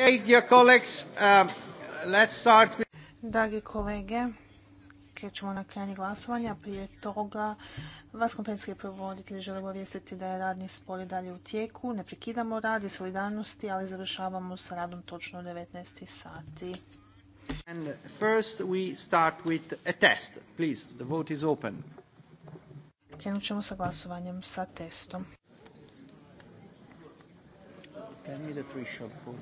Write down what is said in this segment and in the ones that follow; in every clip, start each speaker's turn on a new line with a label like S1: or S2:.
S1: Um, Dragi kolege, krećemo na krajnje glasovanja. Prije toga vas konferencijski provoditelji žele obavijestiti da je radni spor i dalje u tijeku. Ne prekidamo rad i solidarnosti, ali završavamo sa radom točno u 19. sati. And first we start with a test. Please, the vote is open. Krenut ćemo sa glasovanjem sa testom. Tell me the shot for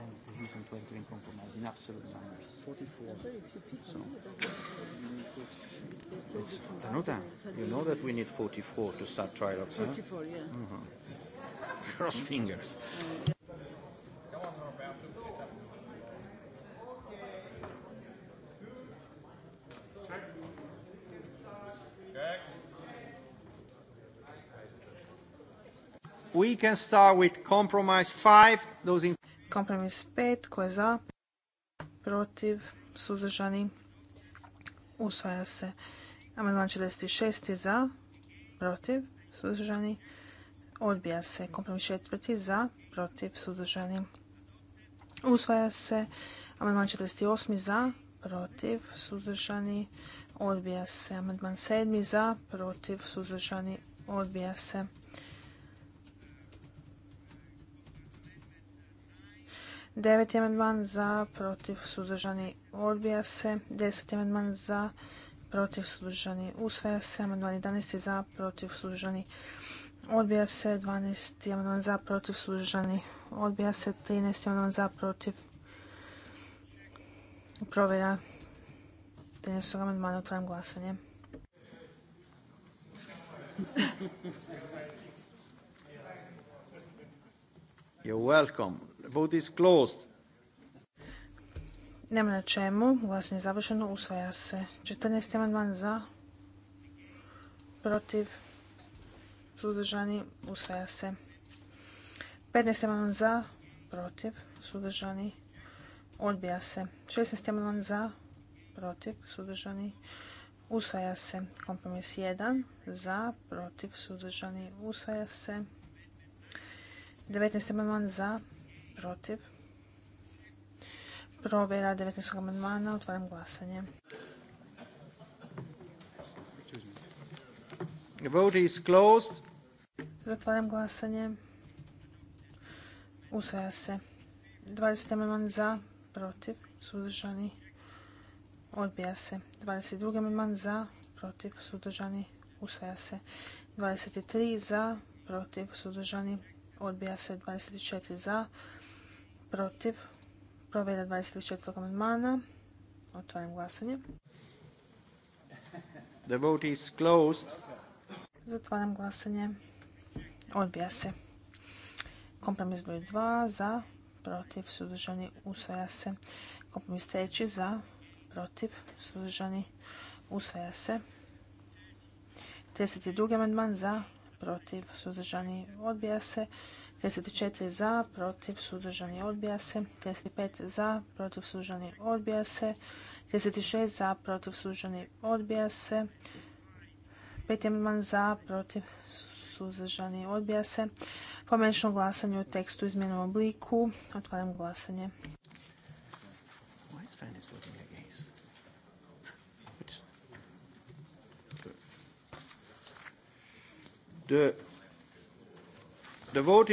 S1: and 320 in compromise in absolute numbers. 44. So it's, Tanuta, you know that we need 44 to start trilogues, huh? 44, yeah. Mm -hmm. Cross fingers. We can start with compromise five. Those in Kompromis 5. Tko je za? Protiv? Suzdržani? Usvaja se. Amandman 46. Za? Protiv? Suzdržani? Odbija se. Kompromis 4. Za? Protiv? Suzdržani? Usvaja se. Amandman 48. Za? Protiv? Suzdržani? Odbija se. Amandman 7. Za? Protiv? Suzdržani? Odbija se. 9. amandman za, protiv, suzdržani, odbija se. 10. amandman za, protiv, suzdržani, usvaja se. Amandman 11. za, protiv, suzdržani, odbija se. 12. amandman za, protiv, suzdržani, odbija se. 13. amandman za, protiv, provjera 13. amandmana, otvaram glasanje. You're welcome. Vote is closed. Nema na čemu. Glasanje je završeno. Usvaja se. 14. amandman za. Protiv. sudržani, Usvaja se. 15. amandman za. Protiv. sudržani, Odbija se. 16. amandman za. Protiv. sudržani, Usvaja se. Kompromis 1. Za. Protiv. sudržani, Usvaja se. 19. amandman za protiv? Provjera 19. amandmana. Otvaram glasanje. The vote is closed. Zatvaram glasanje. Usvaja se. 20. amandman za, protiv, suzdržani. Odbija se. 22. amandman za, protiv, suzdržani. Usvaja se. 23. za, protiv, suzdržani. Odbija se. 24. za, protiv, protiv, provjera 24. amandmana. Otvaram glasanje. The vote is closed. Zatvaram glasanje. Odbija se. Kompromis broj 2 za, protiv, suzdržani, usvaja se. Kompromis treći za, protiv, suzdržani, usvaja se. 32. amandman za, protiv, suzdržani, odbija se. 34 za, protiv, suzdržani, odbija se. 35 za, protiv, suzdržani, odbija se. 36 za, protiv, suzdržani, odbija se. 5. amandman za, protiv, suzdržani, odbija se. Pomenično glasanje u tekstu u obliku. Otvaram glasanje. De The vote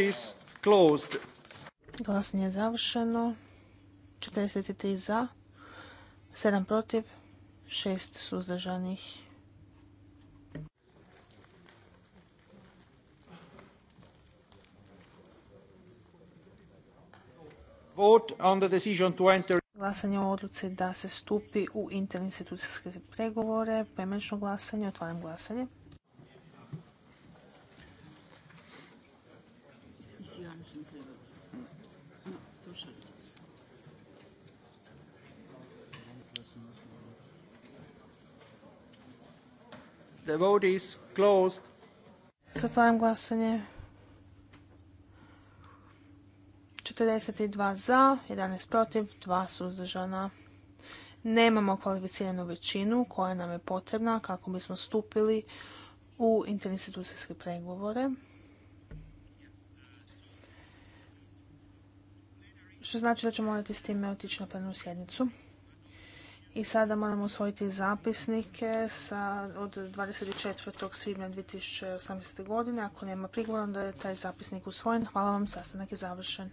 S1: closed. Glasanje je završeno. 43 za, 7 protiv, 6 suzdržanih. Vote on the decision to enter. Glasanje o odluci da se stupi u interinstitucijske pregovore, poimenično glasanje, otvaram glasanje. The vote is closed. Zatvaram glasanje. 42 za, 11 protiv, 2 suzdržana. Nemamo kvalificiranu većinu koja nam je potrebna kako bismo stupili u interinstitucijske pregovore. što znači da ćemo morati s time otići na plenu sjednicu. I sada moramo usvojiti zapisnike sa, od 24. svibnja 2018. godine. Ako nema prigovora, onda je taj zapisnik usvojen. Hvala vam, sastanak je završen.